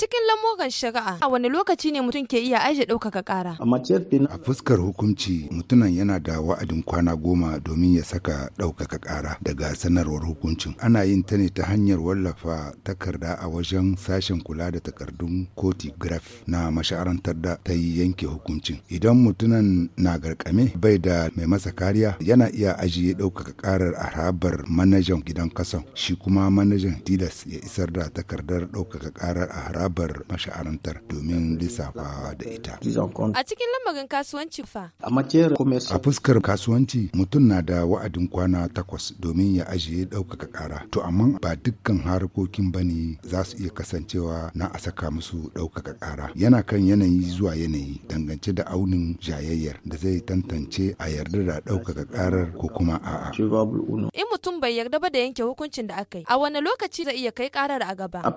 Cikin lamogan shari'a a wani lokaci ne mutum ke iya aje ɗaukaka ƙara. A fuskar hukunci mutumin yana da wa'adin kwana goma domin ya saka ɗaukaka ƙara daga sanarwar hukuncin. Ana yin ta ne ta hanyar wallafa takarda a wajen sashen kula da takardun koti graf na masha'arantar da ta yi yanke hukuncin. Idan mutumin na garkame bai da mai masa kariya yana iya ajiye ɗaukaka ƙarar a harabar manajan gidan kasan shi kuma manajan tilas ya isar da takardar ɗaukaka ƙarar a harabar harabar masha'arantar domin lissafa da ita. A cikin lamarin kasuwanci fa? A fuskar kasuwanci mutum na da wa'adin kwana takwas domin ya ajiye ɗaukaka ƙara. To amma ba dukkan harkokin ba ne za su iya kasancewa na a saka musu ɗaukaka ƙara. Yana kan yanayi zuwa yanayi dangance da aunin jayayyar da zai tantance a yarda da ɗaukaka ƙarar ko kuma a'a. mutum bai yarda ba da yanke hukuncin da aka yi a wani lokaci zai iya kai karar a gaba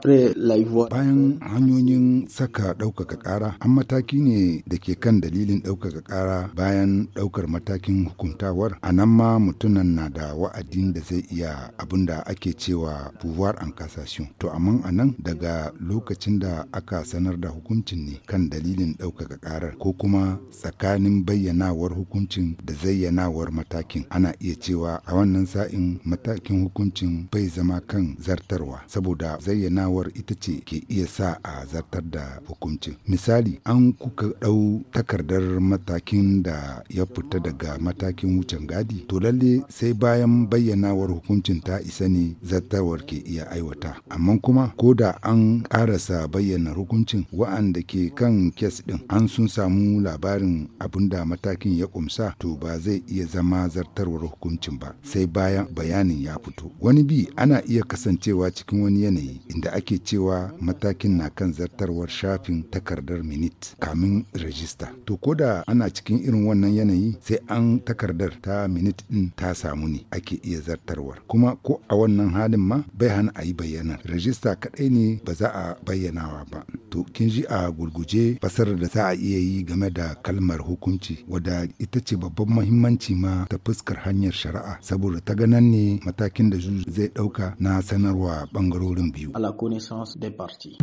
bayan hanyoyin saka ɗaukaka ƙara an mataki ne da ke kan dalilin ɗaukaka ƙara bayan ɗaukar matakin hukuntawar a nan ma mutunan na da wa'adin da zai iya abin da ake cewa pouvoir en kasashen to amma a nan daga lokacin da aka sanar da hukuncin ne kan dalilin ɗaukaka ƙarar ko kuma tsakanin bayyanawar hukuncin da zayyanawar matakin ana iya cewa a wannan sa'in matakin hukuncin bai zama kan zartarwa saboda zayyanawar ita ce ke iya sa a zartar da hukuncin misali an kuka ɗau takardar matakin da ya fita daga matakin wucin gadi to lalle sai bayan bayyanawar hukuncin ta isa ne zartarwar ke iya aiwata amma kuma ko da an ƙarasa bayyana hukuncin wa'anda ke kan kes ɗin an sun samu labarin abin da matakin ya ƙumsa to ba zai iya zama zartarwar hukuncin ba sai bayan bayanin ya fito wani bi ana iya kasancewa cikin wani yanayi inda ake cewa matakin na kan zartarwar shafin takardar minit kamin rajista to ko da ana cikin irin wannan yanayi sai an takardar ta minit din ta samu ne ake iya zartarwar kuma ko a wannan halin ma bai hana a yi bayyanar rajista kadai ne ba za a bayyanawa ba to kin ji a gurguje fasarar da za a iya yi game da kalmar hukunci wadda ita ce babban muhimmanci ma ta fuskar hanyar shari'a saboda ta ganan ne matakin da zuzu zai ɗauka na sanarwa bangarorin biyu. de parti.